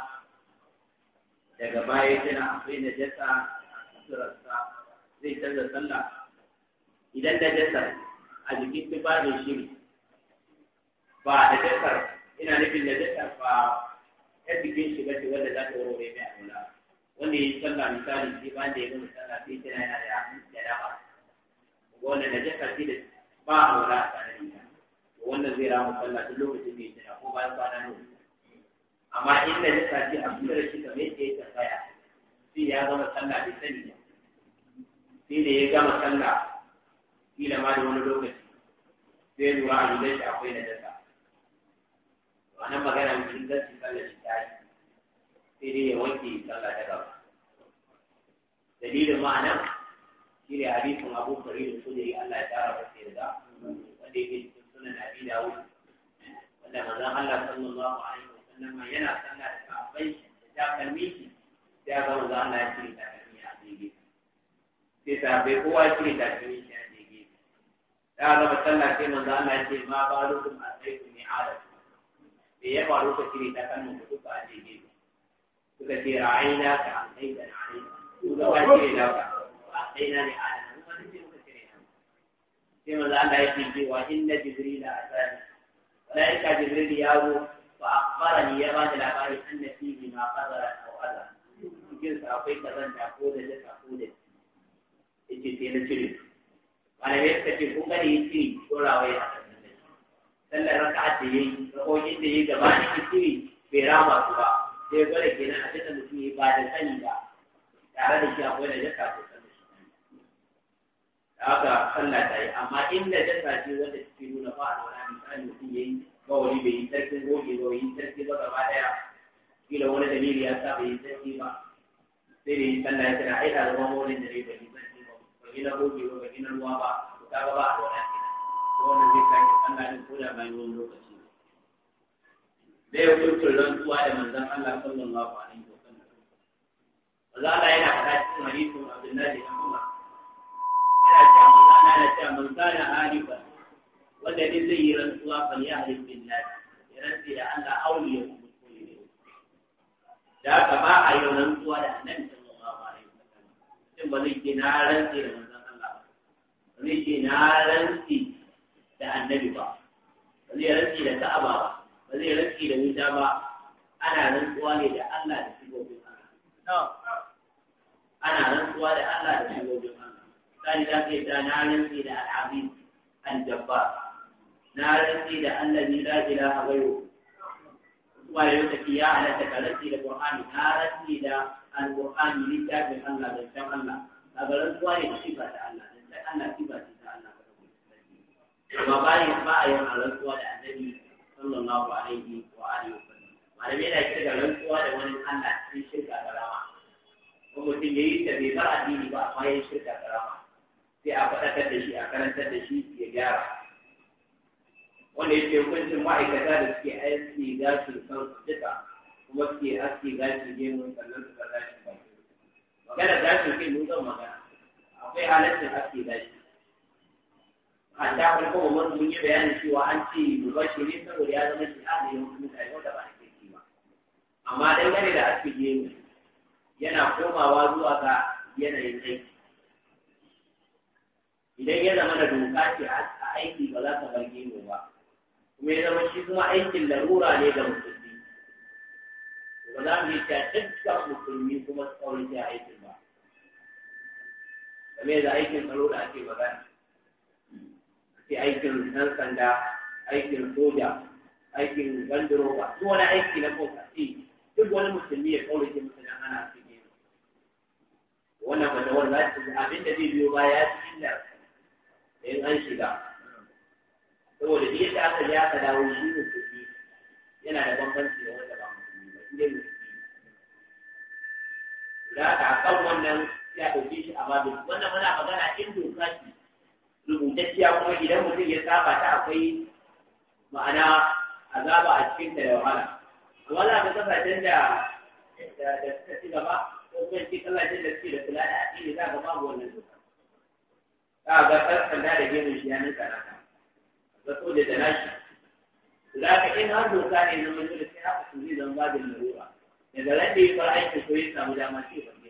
daga baya tana akwai jasa a suturarsa zai canza sallah idan jasa a jikin bada shi ba da jasa ina nufin jasa ba ta jikin shi bace wanda za ta warware mai aula wanda ya yi sallah misali sai ba da ya gama sallah sai tana yana da ya dama wanda na jaka shi da ba a wala a tsarin ya wanda zai ra sallah duk lokacin da ya tana ko bayan kwana ne amma in na jaka shi a kusa da shi kamar yadda ya tsaya shi ya gama sallah bai sani ba shi da ya gama sallah kila ma da wani lokaci sai lura a lulai shi akwai na jaka wannan magana mutum zai ci sallah shi ta yi sai dai ya wanke sallah ta gaba dalilin ma'ana إلى حديث أبو سعيد الخدري ألا تعرف السيدة في سنن أبي داود ولما ذهل صلى الله عليه وسلم ينا صلى الصحابي جاء تلميذ جاء قول الله يشري تكلمي أبيه تتابع هو يشري تكلمي أبيه هذا بسلا في من ذهل يشري ما بالكم أتيتم إعادة بيه بالك يشري تكلمي أبيه تكثير عينك عن أيضا عليك وذوات إلى وأعطينا لآدم ونسي ya كما زعل يكفي وإن جبريل أتاني ملائكة جبريل يابو فأخبرني يا بعد أن فيه ما قدر أو أذى cikin sa akwai kazan da ko da da ko da yake sai na cire malamai suka ce kun gane ya cire dorawa ya haka sallar raka'a da yayi rakokin da yayi gaba da cire bai rama su ba sai gwada kenan a duka mutum ya ba da sani ba tare da shi akwai da jaka ko haka sallah ta yi amma inda dasa ce wanda take nuna ba a wani misali mutum ya yi wani bai yi sarkin goge ba yi sarki ba gaba daya kila wani dalili ya sa bai yi sarki ba sai da yi sallah ya tana aika da wani wani da bai yi sarki ba ba gina goge ba ba gina ruwa ba to ta ba a wani kenan ko wani zai ke sallah ne ko da bayan wani lokaci yi ya don zuwa da manzan Allah sallallahu alaihi wa sallam Allah yana faɗa cikin hadisin Abdullahi ibn ana cewa man kana halifa wanda zai yi rantsuwa fal yahlif billah ya rantsi da Allah ya kuma da haka a da annabi ba na rantsi da Allah na rantsi da annabi ba ba zai rantsi da ba zai rantsi da wuta ba ana rantsuwa ne da Allah da Allah ثالثا إذا نعلم إلى العظيم الجبار نعلم إلى الذي لا إله غيره ولا يزكي على إلى القرآن نعلم إلى القرآن لتاب الله لتاب الله أبلد وارد صفة الله أنا صفة الله وقال ما يعلم ولا الذي صلى الله عليه وآله وسلم malamai na shirka rantsuwa da wani Allah cikin shirka da rama ko mutum ya yi ta sai a faɗakar da shi a karantar da shi ya gyara wanda yake hukuncin ma'aikata da suke aiki gashin kansu duka kuma suke aski gashin mun sannan su ka gashin ba. magana gashin kai mun zan magana akwai halaccin aski gashi a ta farko mamman mun yi bayanin cewa an ce ne saboda ya zama shi a da yawancin mutane wanda ba a ke ba amma dangane da aski gemu yana komawa zuwa ga yanayin aiki idan ya zama da doka ce a aiki ba za ta bar mu ba kuma ya zama shi kuma aikin larura ne ga musulmi ba za mu yi ta dukkan musulmi kuma su kawai ta aikin ba game da aikin tsaro da ake magana ake aikin ɗan sanda aikin soja aikin ba su wani aiki na kokaci eh, duk wani musulmi ya kaurace masa dan ana ne wannan wani za ta abinda zai biyo baya ya ci inda in an shiga saboda da yadda aka je aka dawo shi ne musulmi yana da bambanci da wanda ba musulmi ba inda musulmi da haka kan wannan ya ɗauke shi a babin wannan muna magana in doka ce rubutacciya kuma idan mutum ya saba ta akwai ma'ana azaba a cikin ta da wahala amma za ka kasashen da da suka ci gaba ko kuma ci kasashen da suke da kula da addini za ka babu wannan doka za ga karkan da da gemun shi ya nika na ga soja da nashi za ka in har doka ne na mai dole sai haka su zai zama babin larura Da ran da ya fara aiki ko ya samu dama ce ba ne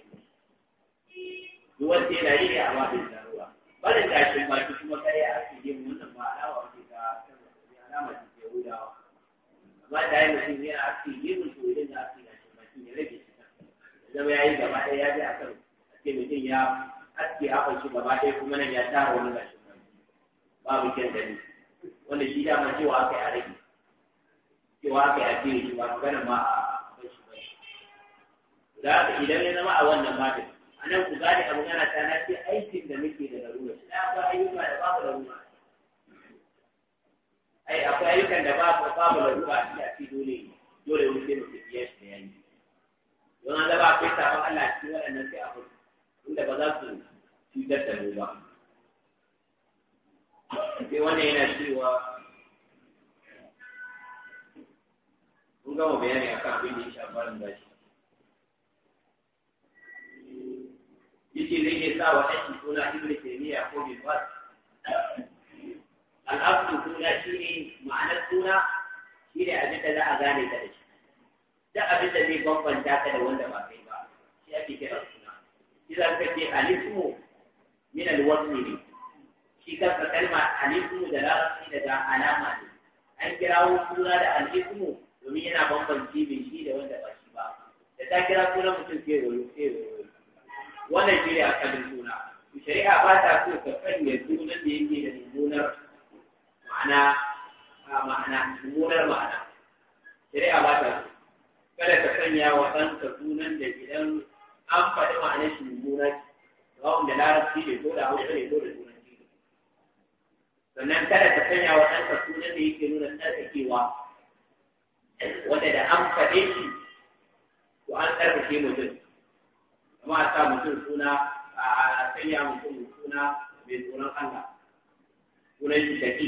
duk wanda yana yi a babin larura barin gashin baki kuma kai ya ake yin wannan ba alawa wace ta alama ce ke hudawa amma da ya mutum yana ake yin to idan da ake gashin baki ya rage shi zama ya yi gaba ɗaya ya je a kan a ce mutum ya aske a shi gaba ɗaya kuma nan ya tara wani gashin wani babu kyan dani wanda shi dama cewa aka yi a rage cewa aka yi a fiye shi ba gana ma a ba. bashi da haka idan ya zama a wannan matan a nan ku gane abu yana ta na ce aikin da muke da larura shi akwai ayyuka da babu larura ai akwai ayyukan da babu babu larura a cikin dole dole wani sai mutum ya shi da yanki don an zaba akwai sabon Allah cikin waɗannan sai akwai inda ba za su cutar da mu ba sai wannan yana cewa mun gama bayani akan abin da ya shafi barin gashi yake zai iya sa wa ɗanki suna ibn taymiya ko bin bas al'abdu suna ne ma'anar suna ne abin da za a gane ta da shi duk abin da zai bambanta ka da wanda ba kai ba shi ake kira suna إذا كنت الاسم من الوصل shi kansa kalma alismu da larabci daga alama ne an kirawo suna da alismu domin yana bambance bai shi da wanda ba shi ba da ta kira suna mutum sai royo wannan shi ne akalin suna shari'a ba ta so ka sanya sunan yake da ma'ana ba ta so wa sunan da gidan an faɗi ma'anar shi mummuna ce sawa'un wanda larabci ne ko da hausa ne ko da turanci ne sannan kada ka sanya wa ɗanka sunan da yake nuna tsarkakewa wanda da an faɗe shi to an tsarkake mutum kuma a sa mutum suna a sanya mutum suna mai tsoron Allah sunan shi shaƙi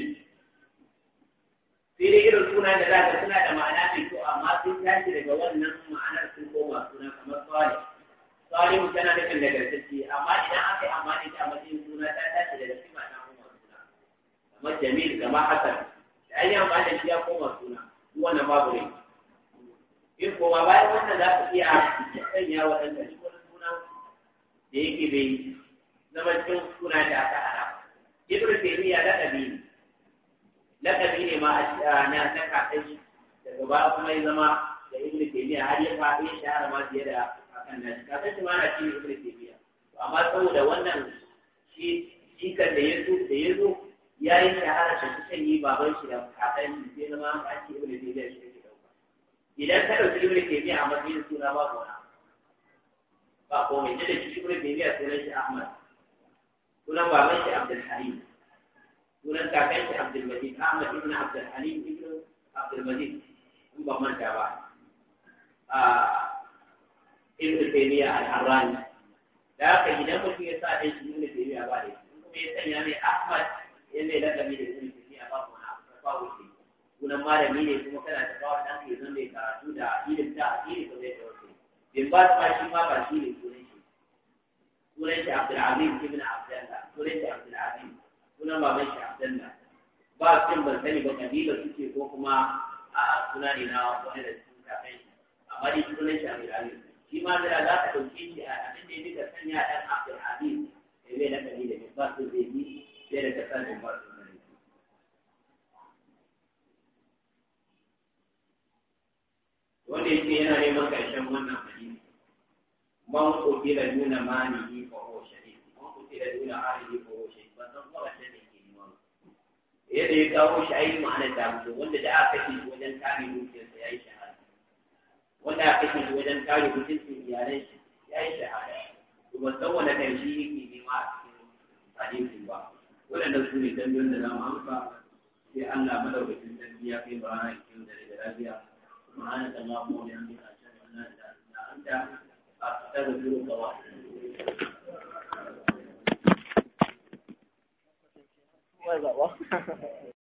sai dai irin suna da za ka suna da ma'ana mai kyau amma sun tashi daga wannan ma'anar sun koma suna kamar tsawon salihu tana da nufin nagartacce amma idan aka yi amfani da matsayin suna ta tashi daga cikin ma'ana kuma suna kamar jamil kamar hasan da an yi amfani da shi ya koma suna wannan babu ne in koma bayan wannan za ku iya sanya waɗanda shi wani suna da yake bai zama cikin suna da aka hana ibn taymiya laqabi ne laqabi ne ma a na na kafin daga baya kuma ya zama da ibn taymiya har ya faɗi ya shahara ma fiye da akan ka san ma na cikin kirkiya amma saboda wannan shi shi kan da yazo da yazo ya yi shahara da kusan yi baban shi da kakan shi sai zama an ake ibn tabiya shi take dauka idan ka dauki ibn tabiya a matsayin suna ba ko ba ko ne da shi ibn tabiya sunan shi ahmad sunan baban shi abdul halim sunan kakan shi abdul ahmad ibn abdul halim ibn abdul in ba manta ba ah, ibn taymiya al-harrani da haka idan mutum ya sa dai ibn taymiya ba dai kuma ya sanya mai ahmad ya da lakabi da ibn taymiya ba kuma ba wuce sunan malami ne kuma kana da bawa dan ke zan mai karatu da ilim da asiri ko zai tawace bin ba ta shi ma ba shi ne sunan shi sunan shi abdul aziz ibn abdullah sunan shi abdul aziz sunan baban shi abdullah ba cin ban sani ba kabila suke ko kuma a suna ne na wani da suka kai amma dai sunan shi abdul aziz shi ma da za ka ɗauke shi a abin da ya duka sanya ɗan abdul habib da zai na kari da misbah sun zai yi sai da ta misbah sun zai yi wanda yake yana neman ƙarshen wannan hadisi man ƙoƙi da nuna manihi ko shari'a man ƙoƙi da nuna arihi ko shari'a ban san kuma wacce ne ke neman yadda ya kawo shi ayi ma'anar da wanda da aka yi wajen kare dukiyarsa ya yi shahara وناقصه وتنتهي بجسمه عليه لأي شهادة ثم تكون تنشيه في ميوات في الواقع ولا نسوني تنبيون لنا معرفة في أن لا بلو بالتنبية في برانا الكيون للجلابية سبحانك اللهم وبحمدك أشهد أن لا إله إلا أنت أستغفرك وأتوب إليك